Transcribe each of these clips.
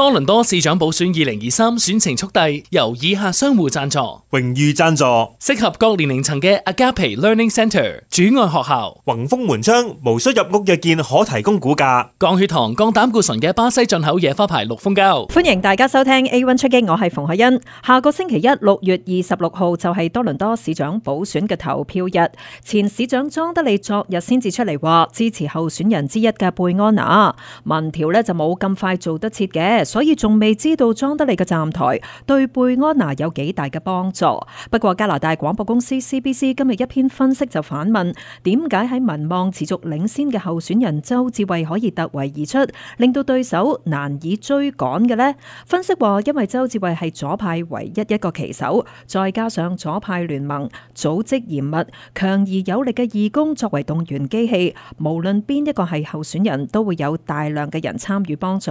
多倫多市長補選二零二三選情速遞，由以下商戶贊助：榮譽贊助，適合各年齡層嘅 Agape Learning Centre 主愛學校；宏豐門窗，無需入屋約見可提供估價；降血糖、降膽固醇嘅巴西進口野花牌綠蜂膠。歡迎大家收聽 A One 出擊，我係馮海欣。下個星期一六月二十六號就係、是、多倫多市長補選嘅投票日。前市長莊德利昨日先至出嚟話支持候選人之一嘅貝安娜，民調呢就冇咁快做得切嘅。所以仲未知道莊德利嘅站台對貝安娜有幾大嘅幫助。不過加拿大廣播公司 CBC 今日一篇分析就反問，點解喺民望持續領先嘅候選人鄒至蕙可以突圍而出，令到對手難以追趕嘅咧？分析話，因為鄒至蕙係左派唯一一個旗手，再加上左派聯盟組織嚴密、強而有力嘅義工作為動員機器，無論邊一個係候選人都會有大量嘅人參與幫助。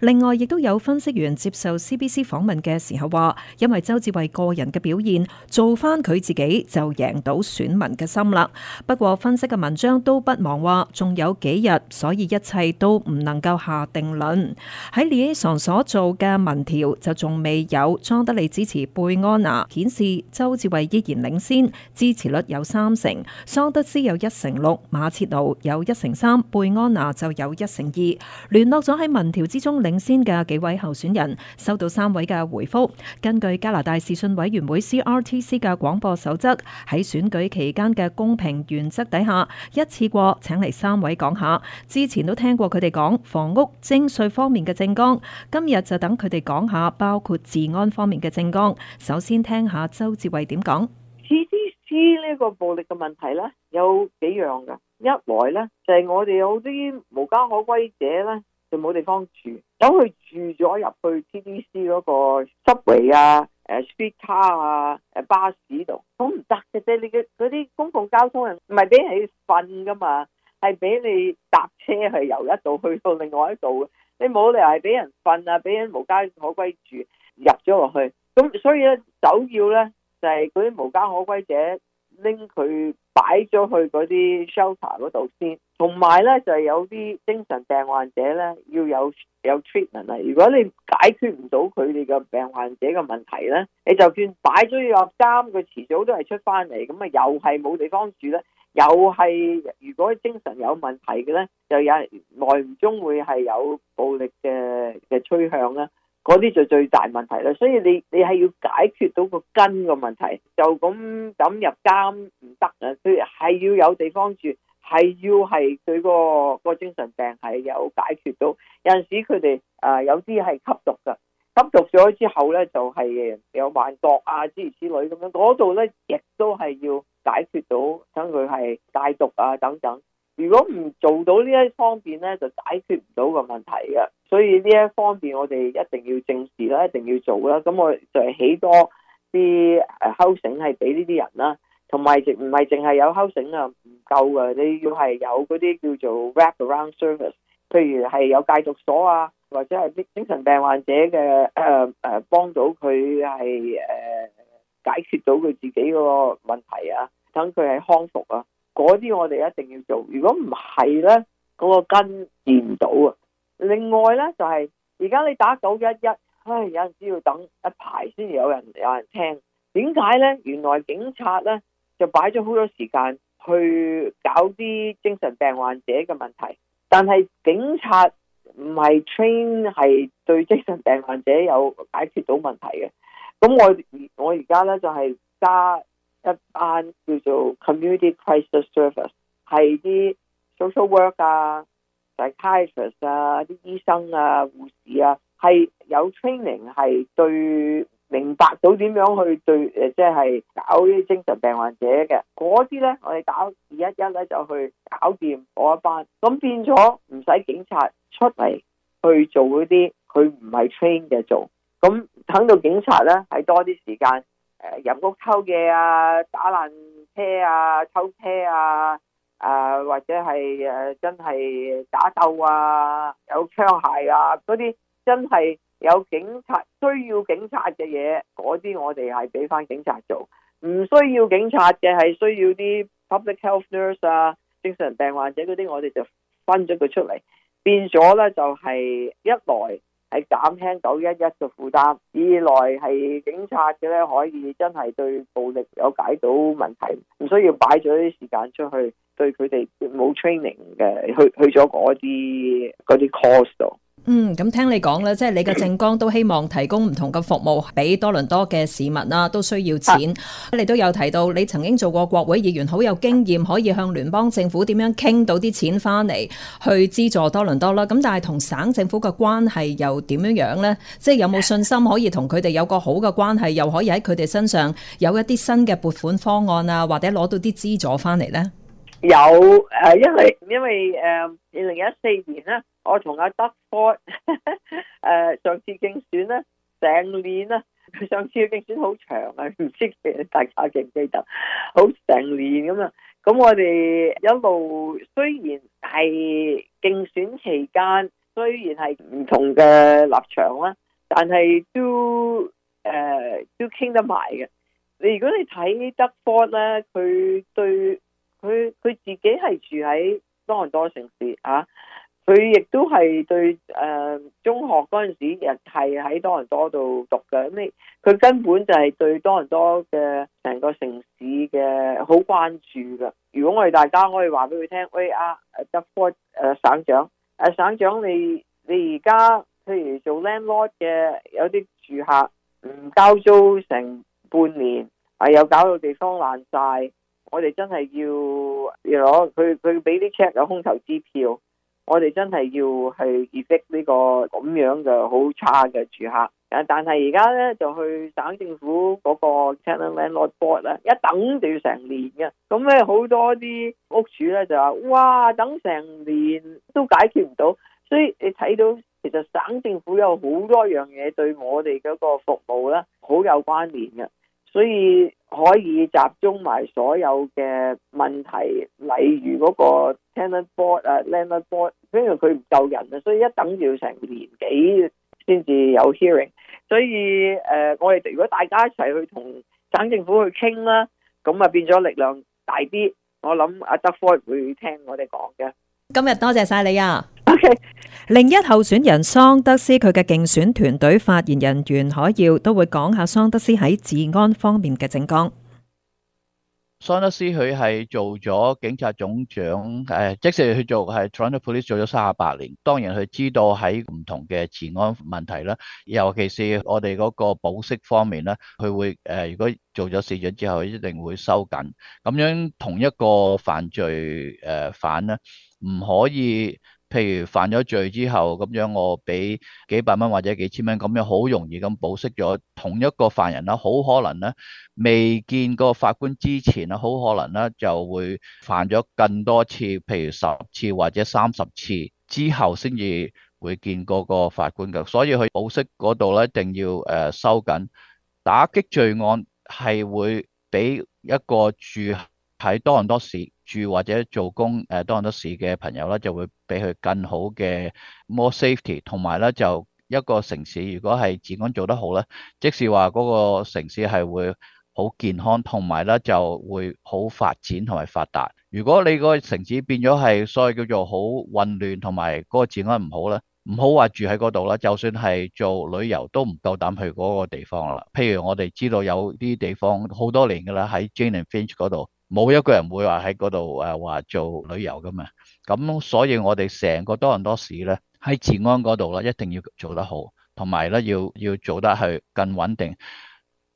另外亦都。都有分析員接受 CBC 訪問嘅時候話因為周志偉個人嘅表現，做翻佢自己就贏到選民嘅心啦。不過分析嘅文章都不忘話，仲有幾日，所以一切都唔能夠下定論。喺 Lee 常所做嘅文調就仲未有桑德利支持貝安娜，顯示周志偉依然領先，支持率有三成，桑德斯有一成六，馬切奴有一成三，貝安娜就有一成二。聯絡咗喺文調之中領先嘅。幾位候選人收到三位嘅回覆。根據加拿大視訊委員會 CRTC 嘅廣播守則，喺選舉期間嘅公平原則底下，一次過請嚟三位講下。之前都聽過佢哋講房屋徵稅方面嘅政綱，今日就等佢哋講下包括治安方面嘅政綱。首先聽下周志偉點講 CRTC 呢個暴力嘅問題呢，有幾樣噶。一來呢，就係、是、我哋有啲無家可歸者呢。冇地方住，走去住咗入去 TTC 嗰個 subway 啊，誒，street car 啊，誒，巴士度，好唔得嘅啫。你嘅嗰啲公共交通唔係俾你瞓噶嘛，係俾你搭車係由一度去到另外一度嘅。你冇理由係俾人瞓啊，俾人無家可歸住入咗落去。咁所以咧，首要咧就係嗰啲無家可歸者。拎佢擺咗去嗰啲 shelter 嗰度先，同埋咧就係、是、有啲精神病患者咧要有有 treatment 啊。如果你解決唔到佢哋嘅病患者嘅問題咧，你就算擺咗入監，佢遲早都係出翻嚟，咁啊又係冇地方住啦，又係如果精神有問題嘅咧，就有耐唔中會係有暴力嘅嘅趨向啦。嗰啲就最大問題啦，所以你你係要解決到個根個問題，就咁抌入監唔得啊！佢係要有地方住，係要係佢個個精神病係有解決到。有陣時佢哋啊，有啲係吸毒噶，吸毒咗之後咧就係、係、有幻覺啊之，諸如此類咁樣。嗰度咧亦都係要解決到，等佢係戒毒啊等等。如果唔做到呢一方面咧，就解決唔到個問題嘅。所以呢一方面，我哋一定要正視啦，一定要做啦。咁我就係起多啲誒 housing 係俾呢啲人啦。同埋，唔係淨係有 housing 啊，唔夠噶。你要係有嗰啲叫做 wraparound service，譬如係有戒毒所啊，或者係啲精神病患者嘅誒誒，幫、呃呃、到佢係誒解決到佢自己個問題啊，等佢係康復啊。嗰啲我哋一定要做。如果唔係咧，嗰、嗰個根治唔到啊。另外呢，就係而家你打九一一，唉有陣時要等一排先至有人有人聽，點解呢？原來警察呢就擺咗好多時間去搞啲精神病患者嘅問題，但係警察唔係 train 係對精神病患者有解決到問題嘅。咁我我而家呢，就係加一班叫做 Community Crisis Service，係啲 social work 啊。就係 counselors 啊，啲醫生啊、護士啊，係有 training，係對明白到點樣去對，誒即係搞啲精神病患者嘅嗰啲咧，我哋打二一一咧就去搞掂嗰一班，咁變咗唔使警察出嚟去做嗰啲，佢唔係 train 嘅做，咁等到警察咧係多啲時間，誒入屋偷嘢啊，打爛車啊，偷車啊。啊，或者係誒，真係打鬥啊，有槍械啊，嗰啲真係有警察，需要警察嘅嘢，嗰啲我哋係俾翻警察做，唔需要警察嘅，係需要啲 public health nurse 啊，精神病患者嗰啲，我哋就分咗佢出嚟，變咗咧就係一來。係減輕九一一嘅負擔，二來係警察嘅咧，可以真係對暴力有解到問題，唔需要擺咗啲時間出去對佢哋冇 training 嘅去去咗嗰啲啲 calls 度。嗯，咁聽你講咧，即係你嘅政綱都希望提供唔同嘅服務俾多倫多嘅市民啦，啊，都需要錢。啊、你都有提到你曾經做過國會議員，好有經驗，可以向聯邦政府點樣傾到啲錢翻嚟去資助多倫多啦。咁但係同省政府嘅關係又點樣樣呢？即係有冇信心可以同佢哋有個好嘅關係，又可以喺佢哋身上有一啲新嘅撥款方案啊，或者攞到啲資助翻嚟呢？有誒，因為因為誒，二零一四年咧。我同阿德波誒上次競選咧成年啦，佢上次嘅競選好長啊，唔知大家記唔記得？好成年咁啊！咁我哋一路雖然係競選期間，雖然係唔同嘅立場啦，但係都誒、呃、都傾得埋嘅。你如果你睇德波咧，佢對佢佢自己係住喺多倫多城市啊。佢亦都係對誒中學嗰陣時，亦係喺多倫多度讀嘅。咁你，佢根本就係對多倫多嘅成個城市嘅好關注㗎。如果我哋大家可以話俾佢聽，喂、哎、啊，誒德科省長，誒、啊、省長你你而家譬如做 landlord 嘅，有啲住客唔交租成半年，啊又搞到地方爛晒。我哋真係要要攞佢佢俾啲 check 有空頭支票。我哋真係要去 evict 呢個咁樣嘅好差嘅住客，但係而家呢就去省政府嗰個 channel landlord board 咧，一等就要成年嘅，咁呢好多啲屋主呢就話：哇！等成年都解決唔到，所以你睇到其實省政府有好多樣嘢對我哋嗰個服務呢好有關聯嘅。所以可以集中埋所有嘅問題，例如嗰個 tenant board、mm hmm. 啊，landlord board，因為佢唔夠人啊，所以一等要成年幾先至有 hearing。所以誒、呃、我哋如果大家一齊去同省政府去傾啦，咁啊變咗力量大啲，我諗阿德科會，會聽我哋講嘅。今日多謝晒你啊！O K，另一候選人桑德斯佢嘅競選團隊發言人袁海耀都會講下桑德斯喺治安方面嘅政綱。桑德斯佢係做咗警察總長，誒，即使去做係 Toronto Police 做咗三十八年，當然佢知道喺唔同嘅治安問題啦，尤其是我哋嗰個保釋方面啦，佢會誒，如果做咗市長之後，一定會收緊，咁樣同一個犯罪誒犯咧。唔可以，譬如犯咗罪之後，咁樣我俾幾百蚊或者幾千蚊，咁樣好容易咁保釋咗同一個犯人啦。好可能咧，未見過法官之前啦，好可能咧就會犯咗更多次，譬如十次或者三十次之後先至會見嗰個法官嘅。所以佢保釋嗰度咧，一定要誒收緊，打擊罪案係會俾一個住。喺多倫多市住或者做工，誒，多倫多市嘅朋友咧，就會俾佢更好嘅 more safety，同埋咧就一個城市，如果係治安做得好咧，即使話嗰個城市係會好健康，同埋咧就會好發展同埋發達。如果你個城市變咗係所謂叫做好混亂同埋嗰個治安唔好啦，唔好話住喺嗰度啦，就算係做旅遊都唔夠膽去嗰個地方啦。譬如我哋知道有啲地方好多年噶啦，喺 Jane and Finch 嗰度。冇一個人會話喺嗰度誒話做旅遊噶嘛，咁所以我哋成個多倫多市咧喺治安嗰度咧一定要做得好，同埋咧要要做得去更穩定，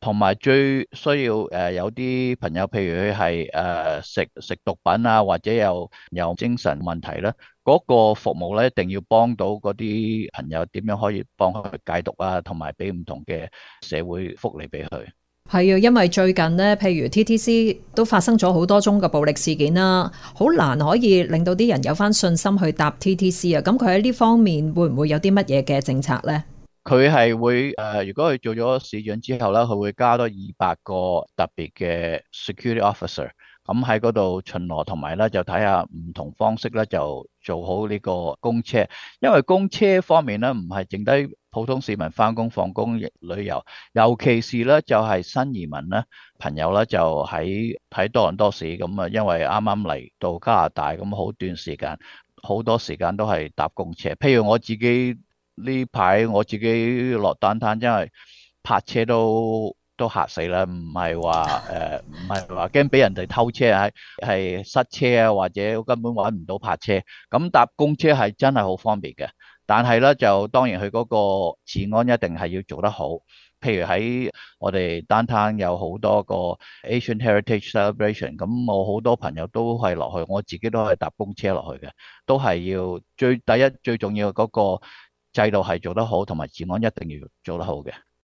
同埋最需要誒有啲朋友譬如係誒食食毒品啊或者有有精神問題咧，嗰個服務咧一定要幫到嗰啲朋友點樣可以幫佢解毒啊，同埋俾唔同嘅社會福利俾佢。係啊，因為最近咧，譬如 TTC 都發生咗好多宗嘅暴力事件啦，好難可以令到啲人有返信心去搭 TTC 啊。咁佢喺呢方面會唔會有啲乜嘢嘅政策咧？佢係會誒、呃，如果佢做咗市長之後咧，佢會加多二百個特別嘅 security officer，咁喺嗰度巡邏，同埋咧就睇下唔同方式咧就做好呢個公車，因為公車方面咧唔係剩低。普通市民返工、放工、旅遊，尤其是咧就係、是、新移民咧朋友咧就喺喺多倫多市咁啊，因為啱啱嚟到加拿大咁，好短時間，好多時間都係搭公車。譬如我自己呢排我自己落 downtown，因為泊車都都嚇死啦，唔係話誒唔係話驚俾人哋偷車啊，係塞車啊，或者根本揾唔到泊車。咁搭公車係真係好方便嘅。但係咧，就當然佢嗰個治安一定係要做得好。譬如喺我哋 downtown 有好多個 Asian Heritage Celebration，咁我好多朋友都係落去，我自己都係搭公車落去嘅，都係要最第一最重要嗰個制度係做得好，同埋治安一定要做得好嘅。